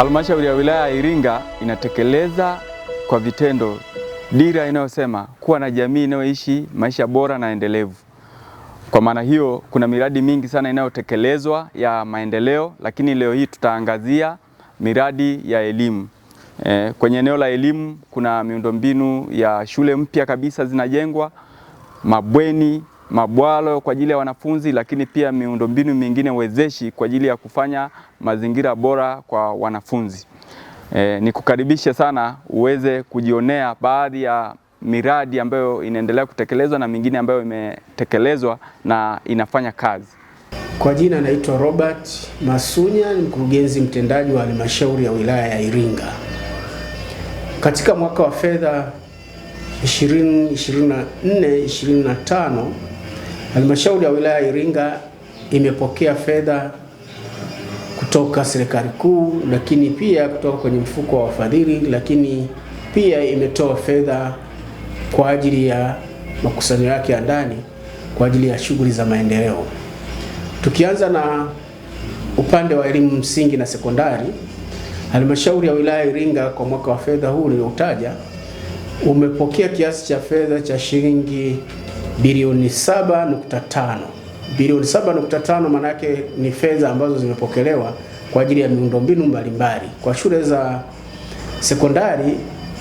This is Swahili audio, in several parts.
Halmashauri ya wilaya ya Iringa inatekeleza kwa vitendo dira inayosema kuwa na jamii inayoishi maisha bora na endelevu. Kwa maana hiyo, kuna miradi mingi sana inayotekelezwa ya maendeleo, lakini leo hii tutaangazia miradi ya elimu. E, kwenye eneo la elimu kuna miundombinu ya shule mpya kabisa zinajengwa, mabweni mabwalo kwa ajili ya wanafunzi, lakini pia miundombinu mingine wezeshi kwa ajili ya kufanya mazingira bora kwa wanafunzi. E, nikukaribishe sana uweze kujionea baadhi ya miradi ambayo inaendelea kutekelezwa na mingine ambayo imetekelezwa na inafanya kazi. Kwa jina naitwa Robert Masunya, ni mkurugenzi mtendaji wa halmashauri ya wilaya ya Iringa. Katika mwaka wa fedha 2024 2025 Halmashauri ya wilaya Iringa imepokea fedha kutoka serikali kuu, lakini pia kutoka kwenye mfuko wa wafadhili, lakini pia imetoa fedha kwa ajili ya makusanyo yake ya ndani kwa ajili ya shughuli za maendeleo. Tukianza na upande wa elimu msingi na sekondari, halmashauri ya wilaya Iringa kwa mwaka wa fedha huu nilioutaja umepokea kiasi cha fedha cha shilingi bilioni 7.5. Bilioni 7.5 maana yake ni fedha ambazo zimepokelewa kwa ajili ya miundombinu mbalimbali. Kwa shule za sekondari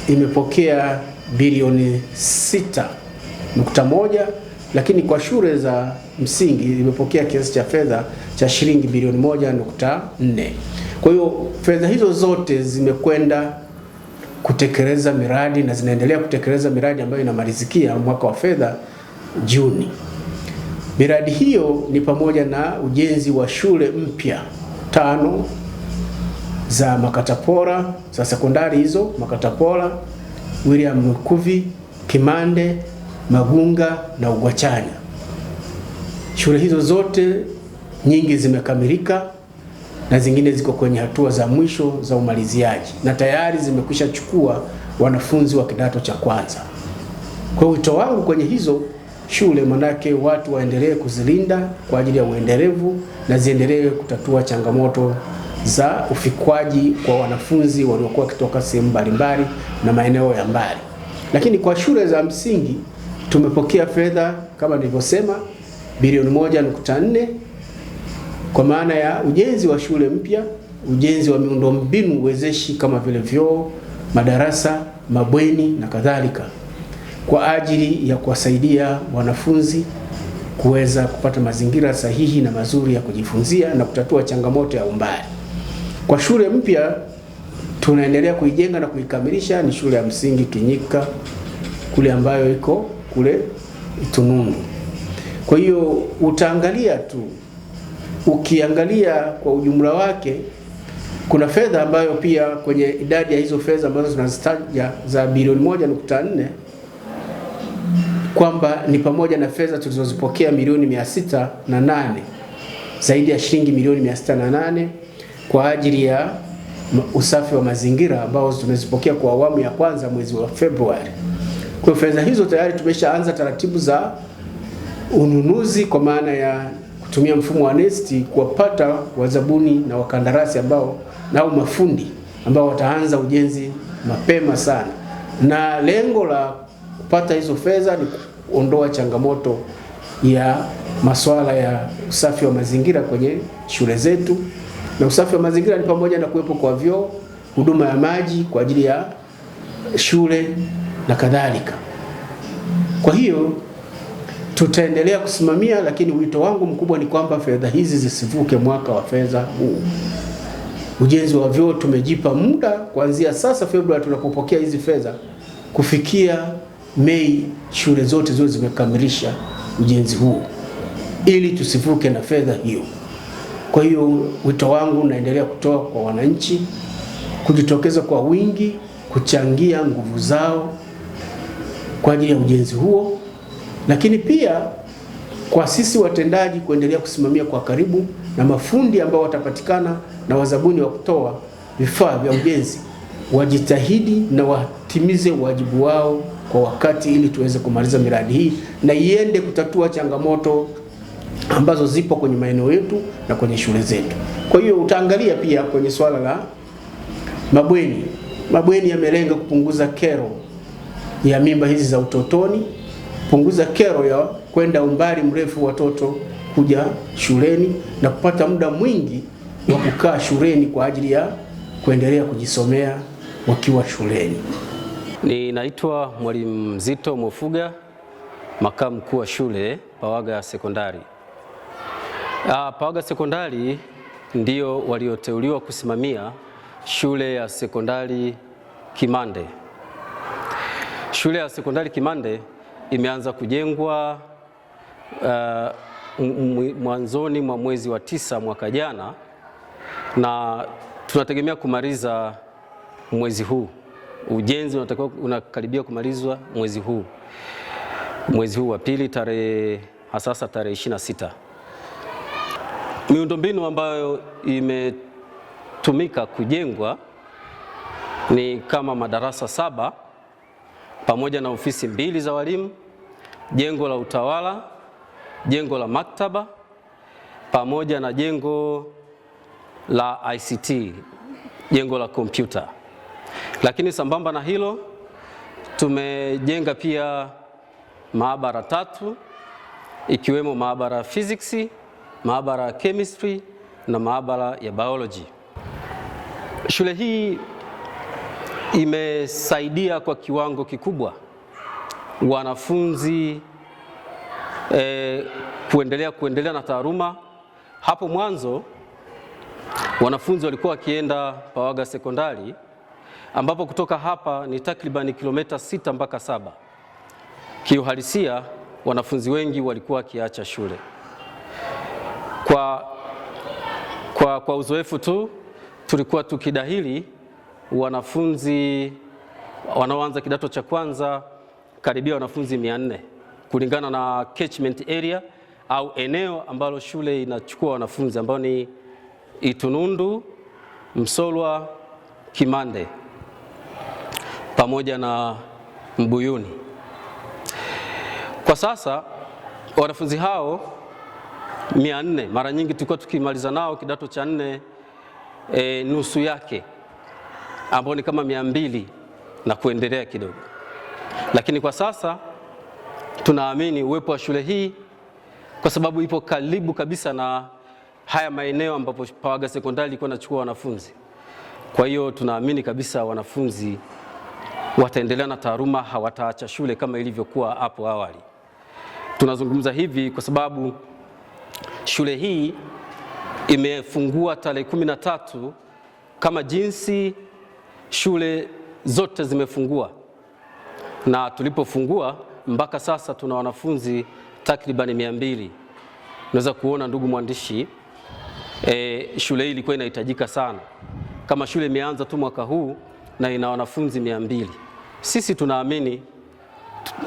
imepokea bilioni 6.1, lakini kwa shule za msingi imepokea kiasi cha fedha cha shilingi bilioni 1.4. Kwa hiyo fedha hizo zote zimekwenda kutekeleza miradi na zinaendelea kutekeleza miradi ambayo inamalizikia mwaka wa fedha Juni. Miradi hiyo ni pamoja na ujenzi wa shule mpya tano za Makatapora za sekondari hizo Makatapora, William Lukuvi, Kimande, Magunga na Ugwachanya. Shule hizo zote nyingi zimekamilika na zingine ziko kwenye hatua za mwisho za umaliziaji na tayari zimekwisha chukua wanafunzi wa kidato cha kwanza. Kwa wito wangu kwenye hizo shule, manake watu waendelee kuzilinda kwa ajili ya uendelevu na ziendelee kutatua changamoto za ufikwaji kwa wanafunzi waliokuwa wakitoka sehemu mbalimbali na maeneo ya mbali. Lakini kwa shule za msingi tumepokea fedha kama nilivyosema bilioni moja nukta nne kwa maana ya ujenzi wa shule mpya, ujenzi wa miundombinu uwezeshi kama vile vyoo, madarasa, mabweni na kadhalika kwa ajili ya kuwasaidia wanafunzi kuweza kupata mazingira sahihi na mazuri ya kujifunzia na kutatua changamoto ya umbali. Kwa shule mpya tunaendelea kuijenga na kuikamilisha ni shule ya msingi Kinyika kule ambayo iko kule Itunungu. Kwa hiyo utaangalia tu, ukiangalia kwa ujumla wake, kuna fedha ambayo pia kwenye idadi ya hizo fedha ambazo tunazitaja za bilioni moja nukta nne kwamba ni pamoja na fedha tulizozipokea milioni mia sita na nane zaidi ya shilingi milioni mia sita na nane kwa ajili ya usafi wa mazingira ambao tumezipokea kwa awamu ya kwanza mwezi wa Februari. Kwa fedha hizo tayari tumeshaanza taratibu za ununuzi kwa maana ya kutumia mfumo wa NeST kuwapata wazabuni na wakandarasi ambao nao mafundi ambao wataanza ujenzi mapema sana, na lengo la kupata hizo fedha ni kuondoa changamoto ya masuala ya usafi wa mazingira kwenye shule zetu, na usafi wa mazingira ni pamoja na kuwepo kwa vyoo, huduma ya maji kwa ajili ya shule na kadhalika. Kwa hiyo tutaendelea kusimamia, lakini wito wangu mkubwa ni kwamba fedha hizi zisivuke mwaka wa fedha huu. Ujenzi wa vyoo tumejipa muda kuanzia sasa Februari tunapopokea hizi fedha kufikia Mei shule zote zote zimekamilisha ujenzi huo ili tusivuke na fedha hiyo. Kwa hiyo wito wangu naendelea kutoa kwa wananchi kujitokeza kwa wingi kuchangia nguvu zao kwa ajili ya ujenzi huo, lakini pia kwa sisi watendaji kuendelea kusimamia kwa karibu na mafundi ambao watapatikana na wazabuni wa kutoa vifaa vya ujenzi wajitahidi na watimize wajibu wao kwa wakati ili tuweze kumaliza miradi hii na iende kutatua changamoto ambazo zipo kwenye maeneo yetu na kwenye shule zetu. Kwa hiyo utaangalia pia kwenye swala la mabweni. Mabweni yamelenga kupunguza kero ya mimba hizi za utotoni, kupunguza kero ya kwenda umbali mrefu watoto kuja shuleni na kupata muda mwingi wa kukaa shuleni kwa ajili ya kuendelea kujisomea wakiwa shuleni. Ninaitwa Mwalimu Mzito Mwofuga, makamu mkuu wa shule Pawaga Sekondari. Ah, Pawaga Sekondari ndio walioteuliwa kusimamia shule ya sekondari Kimande. Shule ya sekondari Kimande imeanza kujengwa uh, mwanzoni mwa mwezi wa tisa mwaka jana na tunategemea kumaliza mwezi huu. Ujenzi unatakiwa unakaribia kumalizwa mwezi huu, mwezi huu wa pili, tarehe hasasa tarehe 26. Miundombinu ambayo imetumika kujengwa ni kama madarasa saba pamoja na ofisi mbili za walimu, jengo la utawala, jengo la maktaba pamoja na jengo la ICT, jengo la kompyuta. Lakini sambamba na hilo tumejenga pia maabara tatu ikiwemo maabara ya physics, maabara ya chemistry na maabara ya biology. Shule hii imesaidia kwa kiwango kikubwa wanafunzi e, kuendelea kuendelea na taaluma. Hapo mwanzo wanafunzi walikuwa wakienda Pawaga Sekondari ambapo kutoka hapa ni takribani kilomita sita mpaka saba. Kiuhalisia, wanafunzi wengi walikuwa wakiacha shule. Kwa, kwa, kwa uzoefu tu tulikuwa tukidahili wanafunzi wanaoanza kidato cha kwanza karibia wanafunzi 400 kulingana na catchment area au eneo ambalo shule inachukua wanafunzi ambao ni Itunundu, Msolwa, Kimande pamoja na Mbuyuni. Kwa sasa wanafunzi hao mia nne mara nyingi tulikuwa tukimaliza nao kidato cha nne e, nusu yake ambao ni kama mia mbili na kuendelea kidogo, lakini kwa sasa tunaamini uwepo wa shule hii kwa sababu ipo karibu kabisa na haya maeneo ambapo Pawaga sekondari ilikuwa inachukua wanafunzi. Kwa hiyo tunaamini kabisa wanafunzi wataendelea na taaluma, hawataacha shule kama ilivyokuwa hapo awali. Tunazungumza hivi kwa sababu shule hii imefungua tarehe kumi na tatu kama jinsi shule zote zimefungua, na tulipofungua mpaka sasa tuna wanafunzi takribani mia mbili. Unaweza kuona ndugu mwandishi e, shule hii ilikuwa inahitajika sana. Kama shule imeanza tu mwaka huu na ina wanafunzi mia mbili. Sisi tunaamini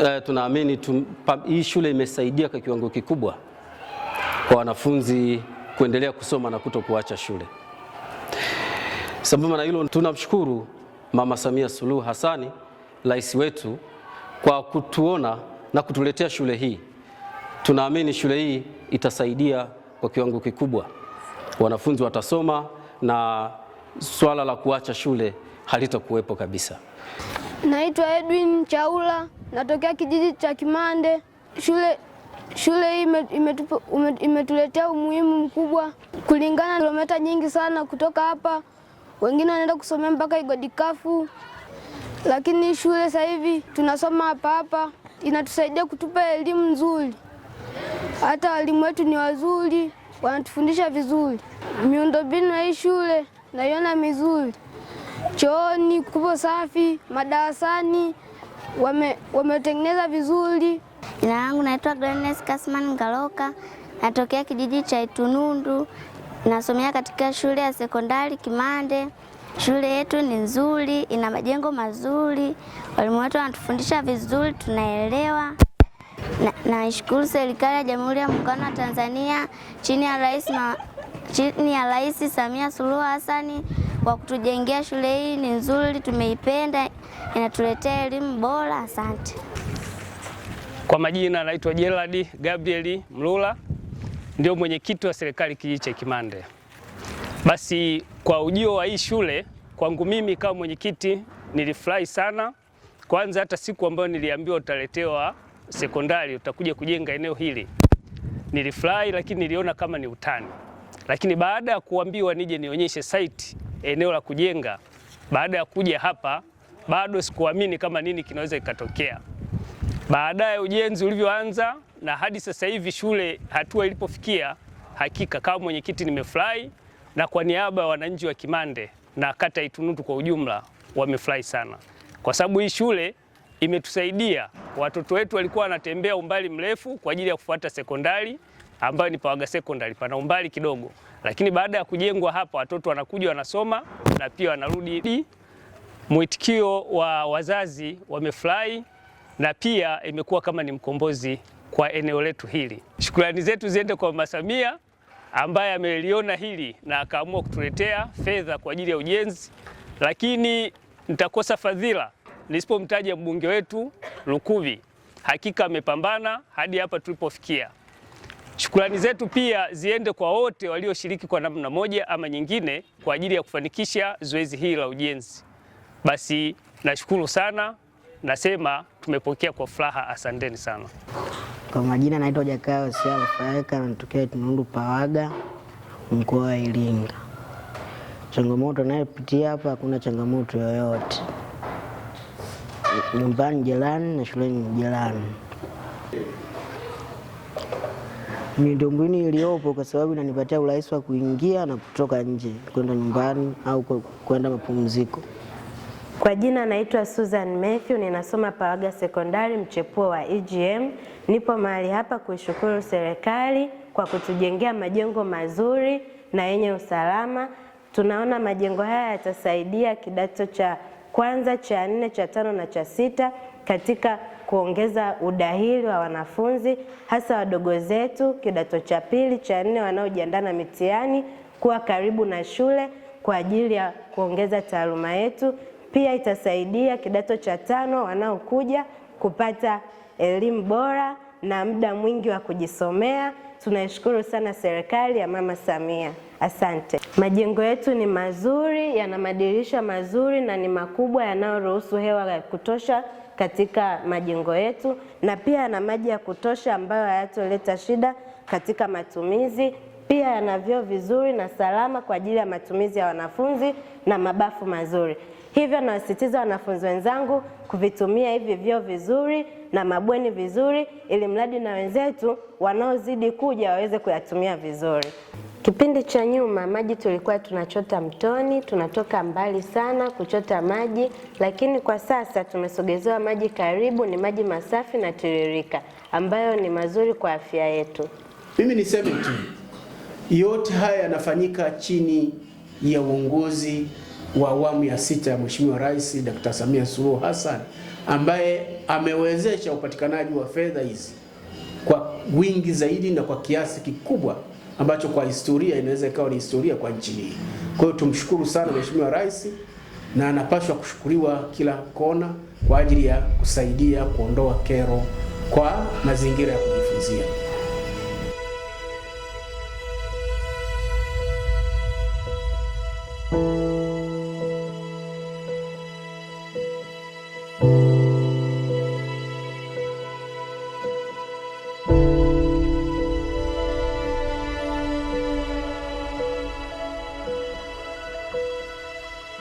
uh, tunaamini tu, hii shule imesaidia kwa kiwango kikubwa kwa wanafunzi kuendelea kusoma na kuto kuacha shule. Sambamba na hilo, tunamshukuru Mama Samia Suluhu Hassani, rais wetu, kwa kutuona na kutuletea shule hii. Tunaamini shule hii itasaidia kwa kiwango kikubwa, wanafunzi watasoma na swala la kuacha shule halitakuwepo kabisa. Naitwa Edwin Chaula, natokea kijiji cha Kimande. Shule shule hii imetuletea ime, umuhimu mkubwa, kulingana na kilomita nyingi sana kutoka hapa, wengine wanaenda kusomea mpaka Igodikafu, lakini shule sasa hivi tunasoma hapa hapa, inatusaidia kutupa elimu nzuri. Hata walimu wetu ni wazuri, wanatufundisha vizuri. Miundombinu ya hii shule naiona mizuri chooni kupo safi, madarasani wametengeneza wame vizuri. Jina langu naitwa Gladness Kasman Ngaloka, natokea kijiji cha Itunundu, nasomea katika shule ya sekondari Kimande. Shule yetu ni nzuri, ina majengo mazuri, walimu wetu wanatufundisha vizuri, tunaelewa. Naishukuru na serikali ya Jamhuri ya Muungano wa Tanzania chini ya Rais Samia Suluhu Hassani kwa kutujengea shule hii. Ni nzuri, tumeipenda, inatuletea elimu bora. Asante. Kwa majina anaitwa Gerald Gabriel Mlula, ndio mwenyekiti wa serikali kijiji cha kimande Basi kwa ujio wa hii shule kwangu mimi kama mwenyekiti nilifurahi sana. Kwanza hata siku ambayo niliambiwa utaletewa sekondari, utakuja kujenga eneo hili, nilifurahi, lakini niliona kama ni utani. Lakini baada ya kuambiwa nije nionyeshe site eneo la kujenga. Baada ya kuja hapa, bado sikuamini kama nini kinaweza ikatokea. Baadaye ujenzi ulivyoanza na hadi sasa hivi shule hatua ilipofikia, hakika kama mwenyekiti nimefurahi, na kwa niaba ya wananchi wa Kimande na kata Itunutu kwa ujumla wamefurahi sana, kwa sababu hii shule imetusaidia. Watoto wetu walikuwa wanatembea umbali mrefu kwa ajili ya kufuata sekondari ambayo ni Pawaga Secondary, pana umbali kidogo, lakini baada ya kujengwa hapa watoto wanakuja wanasoma na pia wanarudi. Mwitikio wa wazazi wamefurahi na pia imekuwa kama ni mkombozi kwa eneo letu hili. Shukrani zetu ziende kwa Mama Samia ambaye ameliona hili na akaamua kutuletea fedha kwa ajili ya ujenzi, lakini nitakosa fadhila nisipomtaja mbunge wetu Lukuvi. Hakika amepambana hadi hapa tulipofikia. Shukrani zetu pia ziende kwa wote walioshiriki kwa namna moja ama nyingine kwa ajili ya kufanikisha zoezi hili la ujenzi. Basi nashukuru sana, nasema tumepokea kwa furaha, asanteni sana. Kwa majina naitwa Jakaya Hosia Rufaeka, natokea Tunundu Pawaga, mkoa wa Iringa. Changamoto nayopitia hapa, hakuna changamoto yoyote. Nyumbani jirani na shuleni jirani miundombinu iliyopo, kwa sababu inanipatia urahisi wa kuingia na kutoka nje kwenda nyumbani au kwenda mapumziko. Kwa jina naitwa Susan Matthew, ninasoma Pawaga Sekondari mchepuo wa EGM. Nipo mahali hapa kuishukuru serikali kwa kutujengea majengo mazuri na yenye usalama. Tunaona majengo haya yatasaidia kidato cha kwanza, cha nne, cha tano na cha sita katika kuongeza udahili wa wanafunzi hasa wadogo zetu kidato cha pili, cha nne wanaojiandaa na mitihani kuwa karibu na shule kwa ajili ya kuongeza taaluma yetu. Pia itasaidia kidato cha tano wanaokuja kupata elimu bora na muda mwingi wa kujisomea. Tunaishukuru sana serikali ya Mama Samia, asante. Majengo yetu ni mazuri, yana madirisha mazuri na ni makubwa yanayoruhusu hewa ya kutosha katika majengo yetu, na pia yana maji ya kutosha ambayo hayatoleta shida katika matumizi. Pia yana vyoo vizuri na salama kwa ajili ya matumizi ya wanafunzi na mabafu mazuri. Hivyo nawasisitiza wanafunzi wenzangu kuvitumia hivi vyoo vizuri na mabweni vizuri, ili mradi na wenzetu wanaozidi kuja waweze kuyatumia vizuri. Kipindi cha nyuma maji tulikuwa tunachota mtoni, tunatoka mbali sana kuchota maji, lakini kwa sasa tumesogezewa maji karibu, ni maji masafi na tiririka ambayo ni mazuri kwa afya yetu. Mimi niseme tu, yote haya yanafanyika chini ya uongozi wa awamu ya sita ya Mheshimiwa Rais Dr. Samia Suluhu Hassan ambaye amewezesha upatikanaji wa fedha hizi kwa wingi zaidi na kwa kiasi kikubwa ambacho kwa historia inaweza ikawa ni historia kwa nchi hii. Kwa hiyo tumshukuru sana Mheshimiwa Rais na anapaswa kushukuriwa kila kona kwa ajili ya kusaidia kuondoa kero kwa mazingira ya kujifunzia.